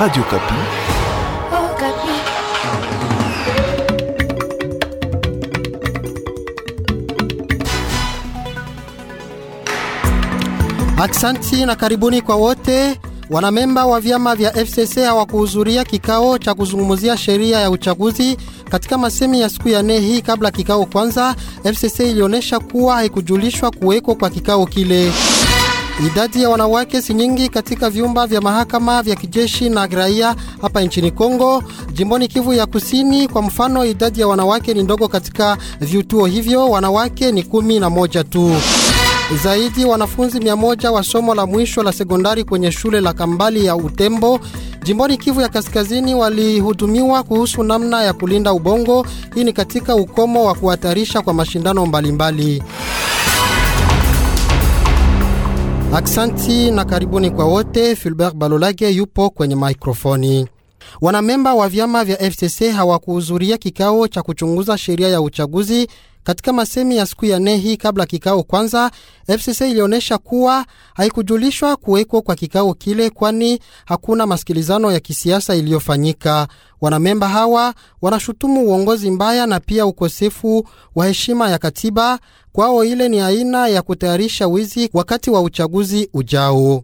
Radio Kapi. Oh, Kapi. Aksanti na karibuni kwa wote. Wanamemba wa vyama vya FCC hawakuhudhuria kikao cha kuzungumzia sheria ya uchaguzi katika masemi ya siku ya nne hii. Kabla kikao kwanza, FCC ilionyesha kuwa haikujulishwa kuweko kwa kikao kile. Idadi ya wanawake si nyingi katika vyumba vya mahakama vya kijeshi na raia hapa nchini Kongo. Jimboni Kivu ya Kusini, kwa mfano, idadi ya wanawake ni ndogo katika vituo hivyo, wanawake ni kumi na moja tu. Zaidi wanafunzi mia moja wa somo la mwisho la sekondari kwenye shule la Kambali ya Utembo jimboni Kivu ya Kaskazini walihudumiwa kuhusu namna ya kulinda ubongo. Hii ni katika ukomo wa kuhatarisha kwa mashindano mbalimbali mbali. Aksanti na karibuni kwa wote. filbert Balolage yupo kwenye mikrofoni Wanamemba wa vyama vya FCC hawakuhudhuria kikao cha kuchunguza sheria ya uchaguzi katika masemi ya siku ya nne hii kabla kikao kwanza, FCC ilionyesha kuwa haikujulishwa kuwekwa kwa kikao kile, kwani hakuna masikilizano ya kisiasa iliyofanyika. Wanamemba hawa wanashutumu uongozi mbaya na pia ukosefu wa heshima ya katiba. Kwao ile ni aina ya kutayarisha wizi wakati wa uchaguzi ujao.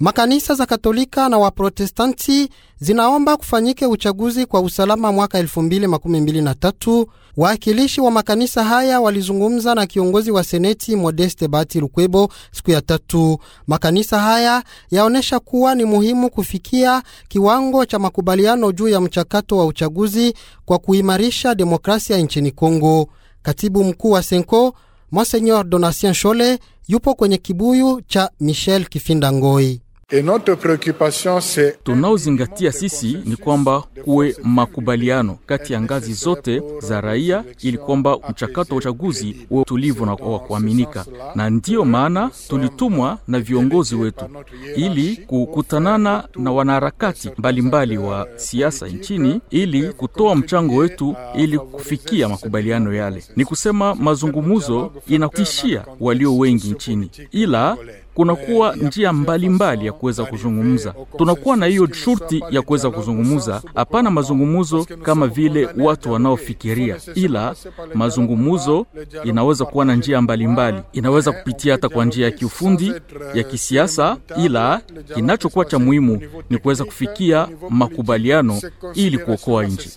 Makanisa za Katolika na Waprotestanti zinaomba kufanyike uchaguzi kwa usalama mwaka 2023. Waakilishi wa makanisa haya walizungumza na kiongozi wa seneti Modeste Bati Lukwebo siku ya tatu. Makanisa haya yaonyesha kuwa ni muhimu kufikia kiwango cha makubaliano juu ya mchakato wa uchaguzi kwa kuimarisha demokrasia nchini Kongo. Katibu mkuu wa Senko Monseigneur Donatien Shole yupo kwenye kibuyu cha Michel Kifinda Ngoi. Tunaozingatia sisi ni kwamba kuwe makubaliano kati ya ngazi zote za raia, ili kwamba mchakato wa uchaguzi uwe tulivu na wa kuaminika, na ndiyo maana tulitumwa na viongozi wetu ili kukutanana na wanaharakati mbalimbali wa siasa nchini, ili kutoa mchango wetu ili kufikia makubaliano yale. Ni kusema mazungumzo inatishia walio wengi nchini, ila kunakuwa njia mbalimbali mbali ya kuweza kuzungumza. Tunakuwa na hiyo shurti ya kuweza kuzungumza, hapana mazungumzo kama vile watu wanaofikiria, ila mazungumzo inaweza kuwa na njia mbalimbali mbali. Inaweza kupitia hata kwa njia ya kiufundi ya kisiasa, ila kinachokuwa cha muhimu ni kuweza kufikia makubaliano ili kuokoa nchi.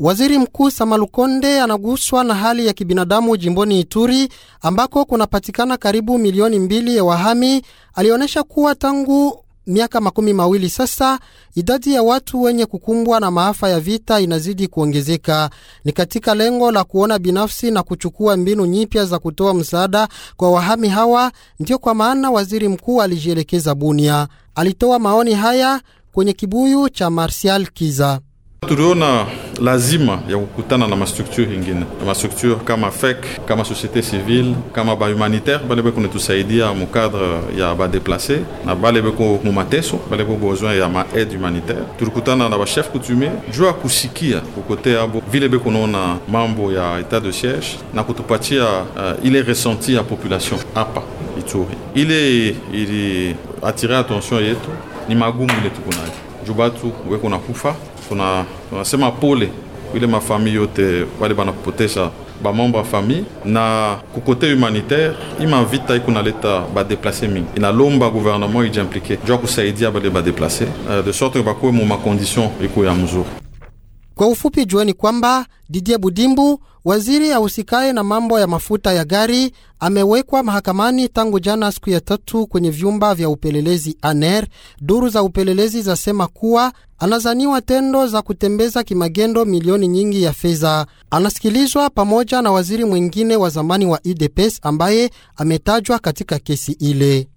Waziri Mkuu Samalukonde anaguswa na hali ya kibinadamu jimboni Ituri ambako kunapatikana karibu milioni mbili ya wahami. Alionyesha kuwa tangu miaka makumi mawili sasa idadi ya watu wenye kukumbwa na maafa ya vita inazidi kuongezeka. Ni katika lengo la kuona binafsi na kuchukua mbinu nyipya za kutoa msaada kwa wahami hawa, ndiyo kwa maana waziri mkuu alijielekeza Bunia. Alitoa maoni haya kwenye kibuyu cha Marsial Kiza. Tuliona lazima ya kukutana na mastrukture ingine mastrukture kama FEC kama société civile kama bahumanitaire bale bekunetusaidia mukadre ya badeplace na bale beko mumateso bale beko besoin ya maaide humanitaire tulikutana na bachef coutumier juu ya kusikia kukote abo vile bekunaona mambo ya état de siège na kutupatia uh, ile ressenti ya population hapa Ituri ile attiré attention yetu ni magumu ile jubatu weko na kufa. Tunasema pole ile mafamii yote wale banapotesha bamambo ya famille na kukote humanitaire ima vita iko naleta badeplase mingi, inalomba gouvernement ijiimplike impliqué ya kusaidia bale badeplase euh, de sorte bakuwe mu makondition iko ya mzuri. Kwa ufupi, jueni kwamba Didier Budimbu Waziri ahusikaye na mambo ya mafuta ya gari amewekwa mahakamani tangu jana siku ya tatu kwenye vyumba vya upelelezi ANER. Duru za upelelezi zasema kuwa anazaniwa tendo za kutembeza kimagendo milioni nyingi ya fedha. Anasikilizwa pamoja na waziri mwingine wa zamani wa UDPS e ambaye ametajwa katika kesi ile.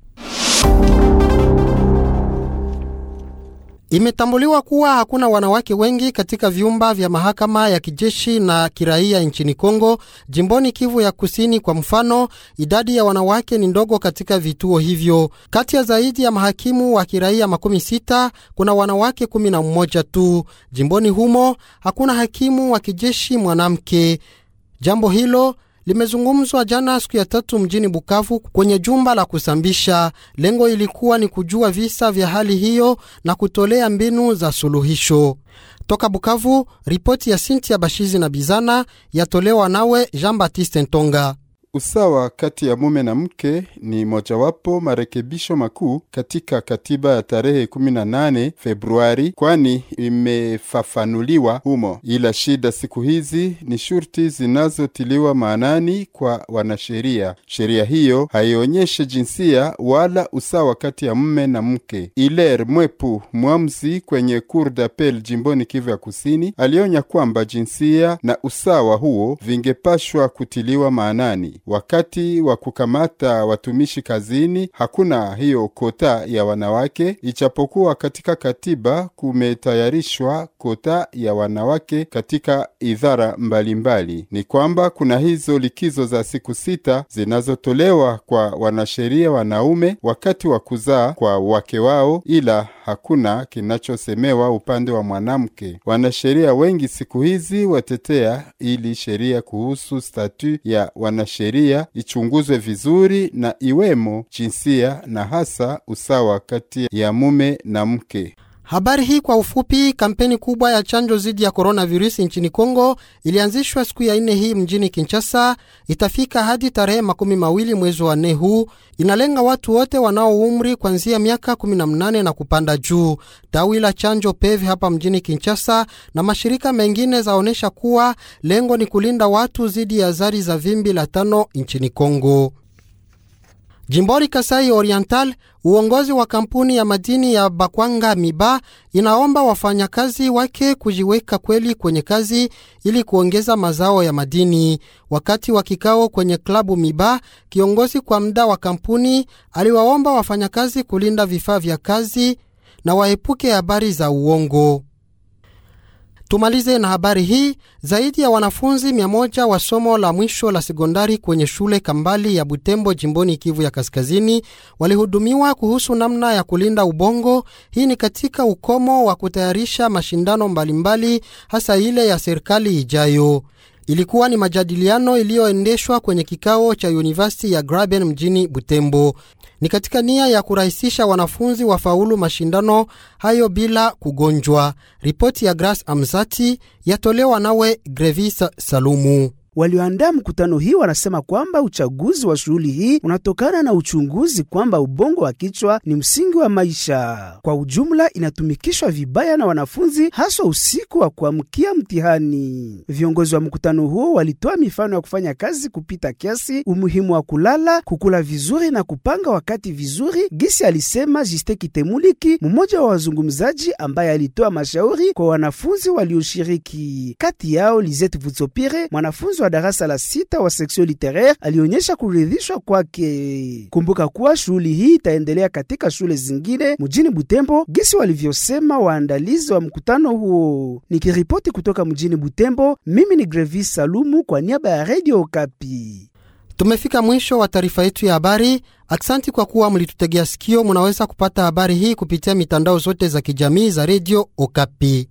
Imetambuliwa kuwa hakuna wanawake wengi katika vyumba vya mahakama ya kijeshi na kiraia nchini Kongo. Jimboni Kivu ya Kusini kwa mfano, idadi ya wanawake ni ndogo katika vituo hivyo. Kati ya zaidi ya mahakimu wa kiraia makumi sita kuna wanawake kumi na mmoja tu. Jimboni humo hakuna hakimu wa kijeshi mwanamke. Jambo hilo limezungumzwa jana siku ya tatu mjini Bukavu kwenye jumba la kusambisha. Lengo ilikuwa ni kujua visa vya hali hiyo na kutolea mbinu za suluhisho. Toka Bukavu, ripoti ya Sintia Bashizi na Bizana yatolewa nawe Jean Baptiste Ntonga. Usawa kati ya mume na mke ni mojawapo marekebisho makuu katika katiba ya tarehe 18 Februari, kwani imefafanuliwa humo. Ila shida siku hizi ni shurti zinazotiliwa maanani kwa wanasheria. Sheria hiyo haionyeshe jinsia wala usawa kati ya mume na mke. Iler Mwepu, mwamzi kwenye Cour d'Appel jimboni Kivu ya Kusini, alionya kwamba jinsia na usawa huo vingepashwa kutiliwa maanani. Wakati wa kukamata watumishi kazini hakuna hiyo kota ya wanawake, ichapokuwa katika katiba kumetayarishwa kota ya wanawake katika idhara mbalimbali. Ni kwamba kuna hizo likizo za siku sita zinazotolewa kwa wanasheria wanaume wakati wa kuzaa kwa wake wao, ila hakuna kinachosemewa upande wa mwanamke. Wanasheria wengi siku hizi watetea ili sheria kuhusu statu ya wanasheria ichunguzwe vizuri na iwemo jinsia na hasa usawa kati ya mume na mke. Habari hii kwa ufupi. Kampeni kubwa ya chanjo dhidi ya coronavirusi nchini congo ilianzishwa siku ya nne hii mjini Kinshasa, itafika hadi tarehe makumi mawili mwezi wa nne huu. Inalenga watu wote wanao umri kuanzia miaka 18 na kupanda juu. Tawi la chanjo PEV hapa mjini Kinshasa na mashirika mengine zaonyesha kuwa lengo ni kulinda watu dhidi ya zari za vimbi la tano nchini congo Jimboni Kasai Oriental, uongozi wa kampuni ya madini ya Bakwanga Miba inaomba wafanyakazi wake kujiweka kweli kwenye kazi ili kuongeza mazao ya madini. Wakati wa kikao kwenye klabu Miba, kiongozi kwa muda wa kampuni aliwaomba wafanyakazi kulinda vifaa vya kazi na waepuke habari za uongo. Tumalize na habari hii. Zaidi ya wanafunzi mia moja wa somo la mwisho la sekondari kwenye shule Kambali ya Butembo jimboni Kivu ya Kaskazini walihudumiwa kuhusu namna ya kulinda ubongo. Hii ni katika ukomo wa kutayarisha mashindano mbalimbali, hasa ile ya serikali ijayo. Ilikuwa ni majadiliano iliyoendeshwa kwenye kikao cha University ya Graben mjini Butembo. Ni katika nia ya kurahisisha wanafunzi wafaulu mashindano hayo bila kugonjwa. Ripoti ya Grace Amzati yatolewa nawe Grevis Salumu. Walioandaa mkutano hii wanasema kwamba uchaguzi wa shughuli hii unatokana na uchunguzi kwamba ubongo wa kichwa ni msingi wa maisha. Kwa ujumla, inatumikishwa vibaya na wanafunzi, haswa usiku wa kuamkia mtihani. Viongozi wa mkutano huo walitoa mifano ya kufanya kazi kupita kiasi, umuhimu wa kulala, kukula vizuri na kupanga wakati vizuri, gisi alisema Jiste Kitemuliki, mmoja wa wazungumzaji ambaye alitoa mashauri kwa wanafunzi walioshiriki, kati yao Lizet Vutsopire mwanafunzi wa darasa la sita wa seksio literaire alionyesha kuridhishwa kwake. Kumbuka kuwa shughuli hii itaendelea katika shule zingine mjini Butembo, gisi walivyosema waandalizi wa mkutano huo. Nikiripoti kutoka mjini Butembo, mimi ni Grevi Salumu kwa niaba ya redio Kapi. Tumefika mwisho wa taarifa yetu ya habari. Aksanti kwa kuwa mlitutegea sikio. Munaweza kupata habari hii kupitia mitandao zote za kijamii za redio Okapi.